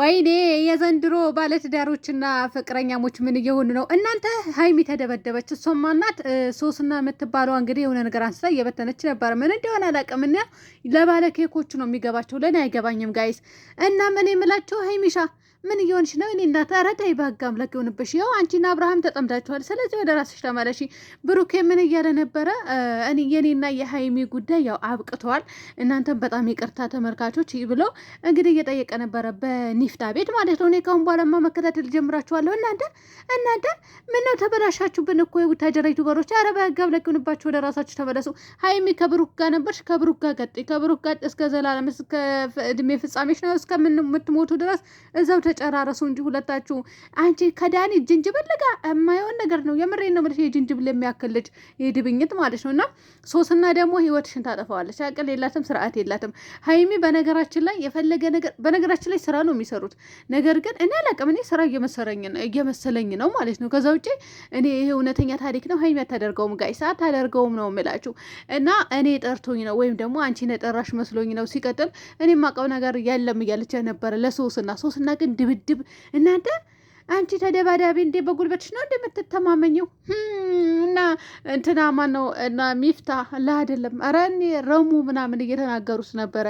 ወይኔ የዘንድሮ ባለትዳሮችና ፍቅረኛሞች ምን እየሆኑ ነው? እናንተ ሀይሚ ተደበደበች። እሷማ እናት ሶስና የምትባለዋ እንግዲህ የሆነ ነገር አንስታ እየበተነች ነበር። ምን እንደሆነ አላውቅምና ለባለ ኬኮቹ ነው የሚገባቸው፣ ለእኔ አይገባኝም ጋይስ። እና ምን የምላቸው ሀይሚሻ ምን እየሆንሽ ነው? እኔ እናት ረዳይ ባጋ አምላክ ይሆንብሽ። ያው አንቺና አብርሃም ተጠምዳችኋል። ስለዚህ ወደ ራስሽ ተመለሺ። ብሩኬ ምን እያለ ነበረ? እኔ የኔና የሀይሚ ጉዳይ ያው አብቅተዋል፣ እናንተም በጣም ይቅርታ ተመልካቾች ብሎ እንግዲህ እየጠየቀ ነበረ፣ በኒፍታ ቤት ማለት ነው። እኔ ካሁን በኋላማ መከታተል ጀምራችኋለሁ። እናንተ እናንተ ምን ነው ተበላሻችሁብን እኮ የቡታጀራ ዩቱበሮች። ኧረ ባጋ አምላክ ይሆንባችሁ፣ ወደ ራሳችሁ ተመለሱ። ሀይሚ ከብሩክ ጋር ነበርሽ፣ ከብሩክ ጋር ቀጥ ከብሩክ ጋር እስከ ዘላለም እስከ እድሜ ፍጻሜሽ ነው፣ እስከምትሞቱ ድረስ እዛው ተጨራረሱ እንጂ ሁለታችሁ። አንቺ ከዳኒ ጅንጅብል ጋር የማይሆን ነገር ነው። የምሬ ነው የምልሽ። የጅንጅብል የሚያክል ልጅ የድብኝት ማለት ነው። እና ሶስና ደግሞ ህይወትሽን ታጠፋዋለች። አቅል የላትም፣ ስርዓት የላትም። ሀይሚ በነገራችን ላይ የፈለገ ነገር በነገራችን ላይ ስራ ነው የሚሰሩት። ነገር ግን እኔ አላቅም። እኔ ስራ እየመሰለኝ ነው ማለት ነው። ከዛ ውጭ እኔ ይሄ እውነተኛ ታሪክ ነው። ሀይሚ አታደርገውም፣ ሰዓት አታደርገውም ነው የምላችሁ። እና እኔ ጠርቶኝ ነው ወይም ደግሞ አንቺ ነጠራሽ መስሎኝ ነው። ሲቀጥል እኔ ማቀው ነገር የለም እያለች ነበረ ለሶስና ሶስና ግን ድብድብ እናንተ አንቺ ተደባዳቢ እንዴ በጉልበትሽ ነው እንደምትተማመኘው? እና እንትና ማን ነው እና ሚፍታ ለአይደለም ረኔ ረሙ ምናምን እየተናገሩት ነበረ።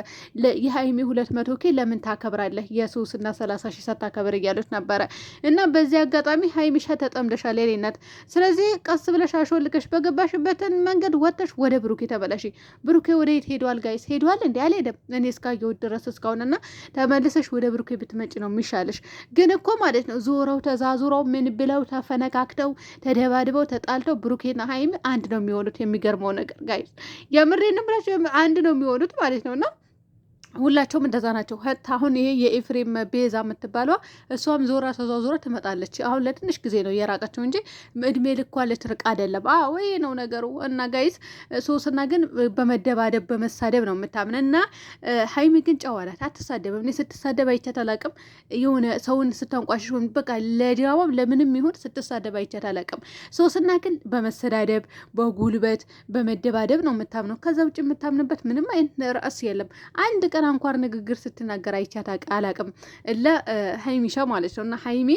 የሀይሚ ሁለት መቶ ኬ ለምን ታከብራለህ? የሶስት እና ሰላሳ ሺ ሳታከብር እያሉት ነበረ። እና በዚህ አጋጣሚ ሀይሚሻ ተጠምደሻል የኔናት። ስለዚህ ቀስ ብለሽ አሾልከሽ በገባሽበትን መንገድ ወጥተሽ ወደ ብሩኬ ተበለሽ። ብሩኬ ወደ የት ሄዷል? ጋይስ ሄዷል እንዴ? አልሄደም። እኔ እስካየሁት ድረስ እስካሁን እና ተመልሰሽ ወደ ብሩኬ ብትመጪ ነው የሚሻለሽ። ግን እኮ ማለት ነው ዞ ተዘዋውረው ተዛዙረው ምን ብለው ተፈነካክተው ተደባድበው ተጣልተው ብሩኬና ሀይሚ አንድ ነው የሚሆኑት። የሚገርመው ነገር ጋይዝ የምሬን ብላችሁ አንድ ነው የሚሆኑት ማለት ነው እና ሁላቸውም እንደዛ ናቸው። አሁን ይሄ የኤፍሬም ቤዛ የምትባለዋ እሷም ዞራ ተዟዙራ ትመጣለች። አሁን ለትንሽ ጊዜ ነው የራቀችው እንጂ እድሜ ልኳ ልትርቅ አይደለም። ወይ ነው ነገሩ። እና ጋይስ ሶስና ግን በመደባደብ በመሳደብ ነው የምታምን እና ሀይሚ ግን ጨዋላት አትሳደብም። እኔ ስትሳደብ አይቻት አላቅም። የሆነ ሰውን ስታንቋሽሽ ወይም በቃ ለዲራባም ለምንም ይሁን ስትሳደብ አይቻት አላቅም። ሶስና ግን በመሰዳደብ በጉልበት በመደባደብ ነው የምታምነው። ከዛ ውጭ የምታምንበት ምንም አይነት ርዕስ የለም። አንድ ቀን አንኳር ንግግር ስትናገር አይቻት አላቅም እለ ለሀይሚሻ ማለት ነው። እና ሀይሚ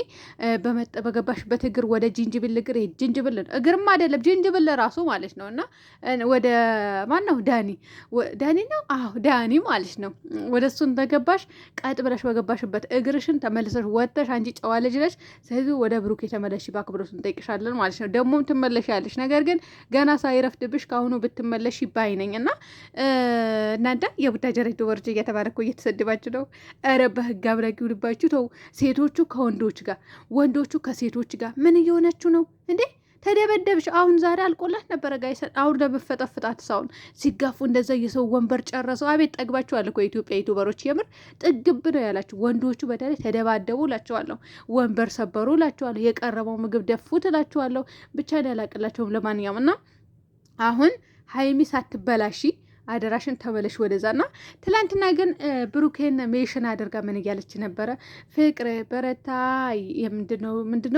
በገባሽበት እግር ወደ ጅንጅብል እግር ጅንጅብል ነው እግርም አይደለም ጅንጅብል ራሱ ማለት ነው። እና ወደ ማን ነው ዳኒ ዳኒ ነው። አዎ ዳኒ ማለት ነው። ወደ እሱን በገባሽ ቀጥ ብለሽ በገባሽበት እግርሽን ተመልሰሽ ወጥተሽ አንቺ ጨዋ ልጅ ነሽ። ስለዚህ ወደ ብሩክ የተመለሽ በአክብሮት እንጠይቅሻለን ማለት ነው። ደግሞም ትመለሻለሽ። ነገር ግን ገና ሳይረፍድብሽ ከአሁኑ ብትመለሽ ይባይነኝ እና እናንተ የቡታጀሬ ወርጅ እየተባለ እኮ እየተሰደባችሁ ነው። ኧረ በህግ አብረግ ይውልባችሁ። ተው። ሴቶቹ ከወንዶች ጋር፣ ወንዶቹ ከሴቶች ጋር ምን እየሆነችሁ ነው እንዴ? ተደበደብሽ። አሁን ዛሬ አልቆላት ነበረ ጋ አሁን ለመፈጠፍጣት ሳሁን ሲጋፉ እንደዛ የሰው ወንበር ጨረሰው። አቤት ጠግባችኋል እኮ የኢትዮጵያ ዩቱበሮች የምር ጥግብ ነው ያላችሁ። ወንዶቹ በተለይ ተደባደቡ እላችኋለሁ፣ ወንበር ሰበሩ እላችኋለሁ፣ የቀረበው ምግብ ደፉት እላችኋለሁ። ብቻ ያላቅላቸውም። ለማንኛውም እና አሁን ሀይሚ ሳትበላሺ አደራሽን ተመለሽ ወደዛ ና። ትላንትና ግን ብሩኬን ሜሽን አድርጋ ምን እያለች ነበረ? ፍቅር በረታ ምንድነው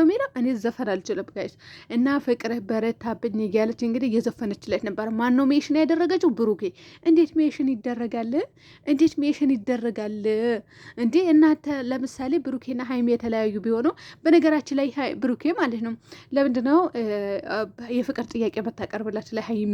የሚለው እኔ ዘፈን አልችልም ጋይስ እና ፍቅር በረታብኝ እያለች እንግዲህ እየዘፈነችለት ነበረ። ማን ነው ሜሽን ያደረገችው? ብሩኬ። እንዴት ሜሽን ይደረጋል? እንዴት ሜሽን ይደረጋል? እንዴ እናንተ ለምሳሌ ብሩኬና ሀይሚ የተለያዩ ቢሆኑ በነገራችን ላይ ብሩኬ ማለት ነው ለምንድነው የፍቅር ጥያቄ መታቀርብላት ለሀይሚ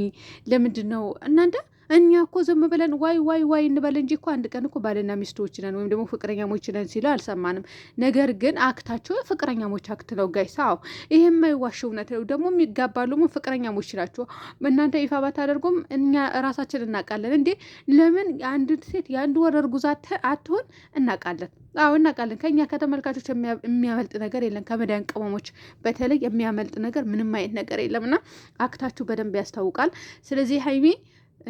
ለምንድነው እናንተ እኛ እኮ ዝም ብለን ዋይ ዋይ ዋይ እንበል እንጂ እኮ አንድ ቀን እኮ ባልና ሚስቶች ነን ወይም ደግሞ ፍቅረኛሞች ነን ሲሉ አልሰማንም። ነገር ግን አክታቸው ፍቅረኛሞች አክት ነው ጋይሳ። አዎ ይህ የማይዋሽ እውነት ነው። ደግሞ የሚጋባሉ ፍቅረኛሞች ናቸው። እናንተ ይፋ ባታደርጉም እኛ ራሳችን እናውቃለን። እንዴ ለምን አንድ ሴት የአንድ ወር እርጉዝ አትሆን? እናውቃለን። አዎ እናውቃለን። ከእኛ ከተመልካቾች የሚያመልጥ ነገር የለም። ከመዳን ቅመሞች በተለይ የሚያመልጥ ነገር ምንም አይነት ነገር የለምና አክታችሁ በደንብ ያስታውቃል። ስለዚህ ሀይሜ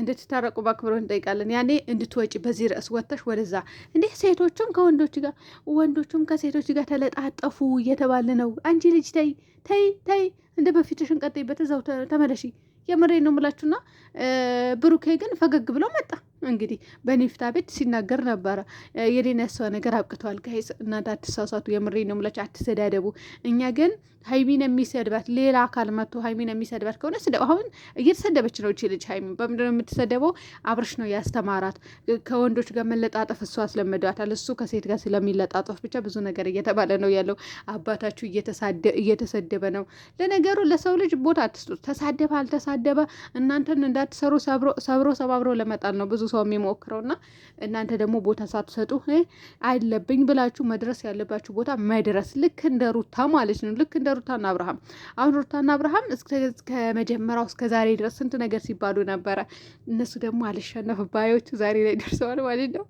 እንድትታረቁ በአክብሮት እንጠይቃለን። ያኔ እንድትወጪ በዚህ ርዕስ ወጥተሽ ወደዛ እንዲህ ሴቶቹም ከወንዶች ጋር ወንዶቹም ከሴቶች ጋር ተለጣጠፉ እየተባለ ነው። አንቺ ልጅ ተይ ተይ ተይ፣ እንደ በፊትሽን ቀጥይበት፣ እዛው ተመለሺ። የምሬ ነው ምላችሁና ብሩኬ ግን ፈገግ ብሎ መጣ። እንግዲህ በኒፍታ ቤት ሲናገር ነበረ። የኔና እሷ ነገር አብቅተዋል ጋይስ። እናንተ አትሳሳቱ፣ የምሬ ነው የምላችሁ፣ አትሰዳደቡ። እኛ ግን ሀይሚን የሚሰድባት ሌላ አካል መጥቶ ሀይሚን የሚሰድባት ከሆነ ስደ አሁን እየተሰደበች ነው እቺ ልጅ። ሀይሚን በምንድን ነው የምትሰደበው? አብርሽ ነው ያስተማራት። ከወንዶች ጋር መለጣጠፍ እሱ አስለመደዋታል። እሱ ከሴት ጋር ስለሚለጣጠፍ ብቻ ብዙ ነገር እየተባለ ነው ያለው። አባታችሁ እየተሰደበ ነው። ለነገሩ ለሰው ልጅ ቦታ አትስጡት። ተሳደበ አልተሳደበ እናንተን እንዳትሰሩ ሰብሮ ሰባብሮ ለመጣል ነው ብዙ ሰው የሚሞክረው እና እናንተ ደግሞ ቦታ ሳትሰጡ አይለብኝ ብላችሁ መድረስ ያለባችሁ ቦታ መድረስ ልክ እንደ ሩታ ማለት ነው። ልክ እንደ ሩታና አብርሃም አሁን ሩታና አብርሃም ከመጀመሪያው እስከ ዛሬ ድረስ ስንት ነገር ሲባሉ ነበረ። እነሱ ደግሞ አልሸነፍ ባዮቹ ዛሬ ላይ ደርሰዋል ማለት ነው።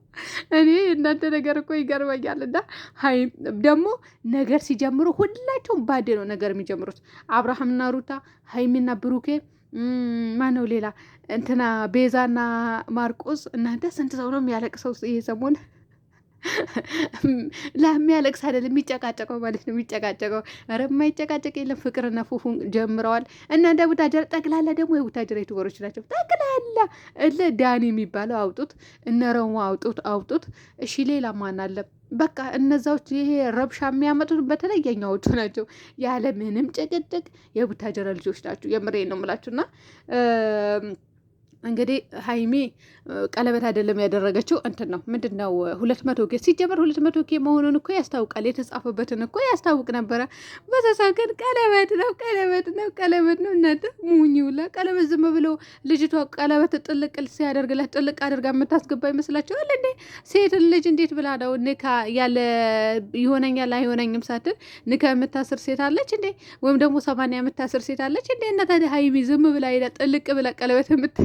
እኔ እናንተ ነገር እኮ ይገርመኛል። እና ደግሞ ነገር ሲጀምሩ ሁላቸውም ባዴ ነው ነገር የሚጀምሩት አብርሃምና ሩታ ሀይሚና ብሩኬ ማነው ሌላ እንትና ቤዛና ማርቆስ እናንተ ስንት ሰው ነው የሚያለቅሰው ይሄ ሰሞን? ለሚያለቅስ አይደለም የሚጨቃጨቀው ማለት ነው። የሚጨቃጨቀው ኧረ የማይጨቃጨቅ የለም። ፍቅርና ፉፉን ጀምረዋል እና እንደ ቡታጀር ጠቅላላ ደግሞ የቡታጀራ ዩቱበሮች ናቸው። ጠቅላላ እለ ዳኒ የሚባለው አውጡት፣ እነ ረሙ አውጡት፣ አውጡት። እሺ ሌላ ማን አለ? በቃ እነዛዎች ይሄ ረብሻ የሚያመጡት በተለያኛዎቹ ናቸው። ያለ ምንም ጭቅጭቅ የቡታጀራ ልጆች ናቸው። የምሬ ነው ምላችሁና እንግዲህ ሀይሚ ቀለበት አይደለም ያደረገችው እንትን ነው ምንድን ነው ሁለት መቶ ኬ ሲጀመር ሁለት መቶ ኬ መሆኑን እኮ ያስታውቃል። የተጻፈበትን እኮ ያስታውቅ ነበረ። በተሳ ግን ቀለበት ነው ቀለበት ነው ቀለበት ነው። እናንተ ሙኝ ውላ ቀለበት ዝም ብሎ ልጅቷ ቀለበት ጥልቅ ሲያደርግላት ጥልቅ አድርጋ የምታስገባ ይመስላችኋል እንዴ? ሴትን ልጅ እንዴት ብላ ነው ንካ ያለ ይሆነኛል አይሆነኝም ሳትል ኒካ የምታስር ሴት አለች እንዴ? ወይም ደግሞ ሰማንያ የምታስር ሴት አለች እንዴ? እና ታዲያ ሀይሚ ዝም ብላ ጥልቅ ብላ ቀለበት የምት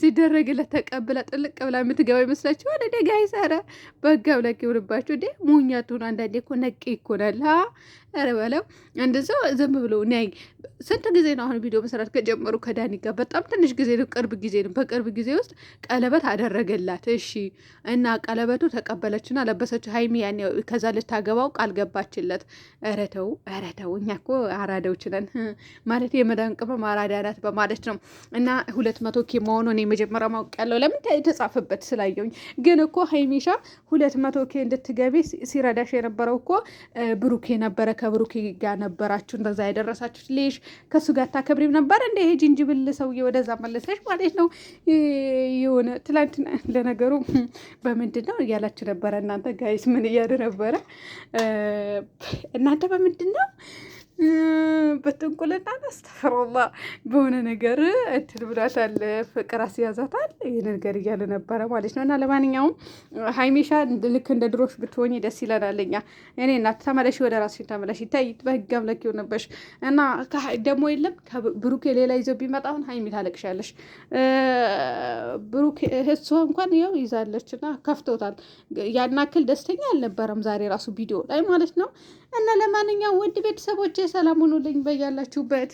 ሲደረግለት ተቀብላ ጥልቅ ብላ የምትገባ ይመስላችኋል? እንደ ጋይ ሰረ በጋ ብላ ይሆንባችሁ እንዴ ሞኛ ትሆኑ። አንዳንዴ እኮ ነቄ ይኮናል። ኧረ በለው አንድ ሰው ዝም ብሎ ናይ ስንት ጊዜ ነው አሁን ቪዲዮ መስራት ከጀመሩ ከዳኒ ጋር? በጣም ትንሽ ጊዜ ነው፣ ቅርብ ጊዜ ነው። በቅርብ ጊዜ ውስጥ ቀለበት አደረገላት። እሺ እና ቀለበቱ ተቀበለችና ለበሰችው። ሀይሚ ያኔ ከዛ ልታገባው ቃል ገባችለት። ኧረ ተው፣ ኧረ ተው። እኛ እኮ አራዳዎች ነን ማለት የመዳን ቅመም አራዳ ናት በማለት ነው እና ሁለት መቶ ኬ መሆኑ መሆኑ እኔ መጀመሪያ ማወቅ ያለው ለምን የተጻፈበት ስላየውኝ። ግን እኮ ሀይሚሻ ሁለት መቶ ኬ እንድትገቢ ሲረዳሽ የነበረው እኮ ብሩኬ ነበረ። ከብሩኬ ጋር ነበራችሁ እንደዛ ያደረሳችሁ ልሽ ከእሱ ጋር ታከብሪም ነበር እንደ ይሄ ጅንጅብል ሰውዬ ወደዛ መለሰሽ ማለት ነው። የሆነ ትላንት ለነገሩ በምንድን ነው እያላችሁ ነበረ እናንተ ጋይስ፣ ምን እያሉ ነበረ እናንተ በምንድን ነው በጥንቁልና አስተፍረላ በሆነ ነገር እድል ብላታል። ፍቅር አስያዛታል። ይህ ነገር እያለ ነበረ ማለት ነው። እና ለማንኛውም ሀይሜሻ ልክ እንደ ድሮሽ ብትሆኝ ደስ ይለናል። እኛ እኔ እናት ተመለሽ፣ ወደ ራስሽን ተመለሽ። ይታይ በህግ አምላክ የሆነበሽ እና ደግሞ የለም ብሩኬ ሌላ ይዘው ቢመጣሁን ሀይሜ ታለቅሻለሽ። ብሩኬ እሷ እንኳን ይኸው ይዛለች እና ከፍቶታል። ያናክል ደስተኛ አልነበረም ዛሬ ራሱ ቪዲዮ ላይ ማለት ነው። እና ለማንኛውም ውድ ቤተሰቦች ሰላም ሁኑልኝ በያላችሁበት።